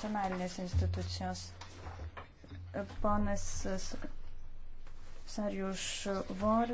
nacionalinės institucijos. Ponas Sariuš Vor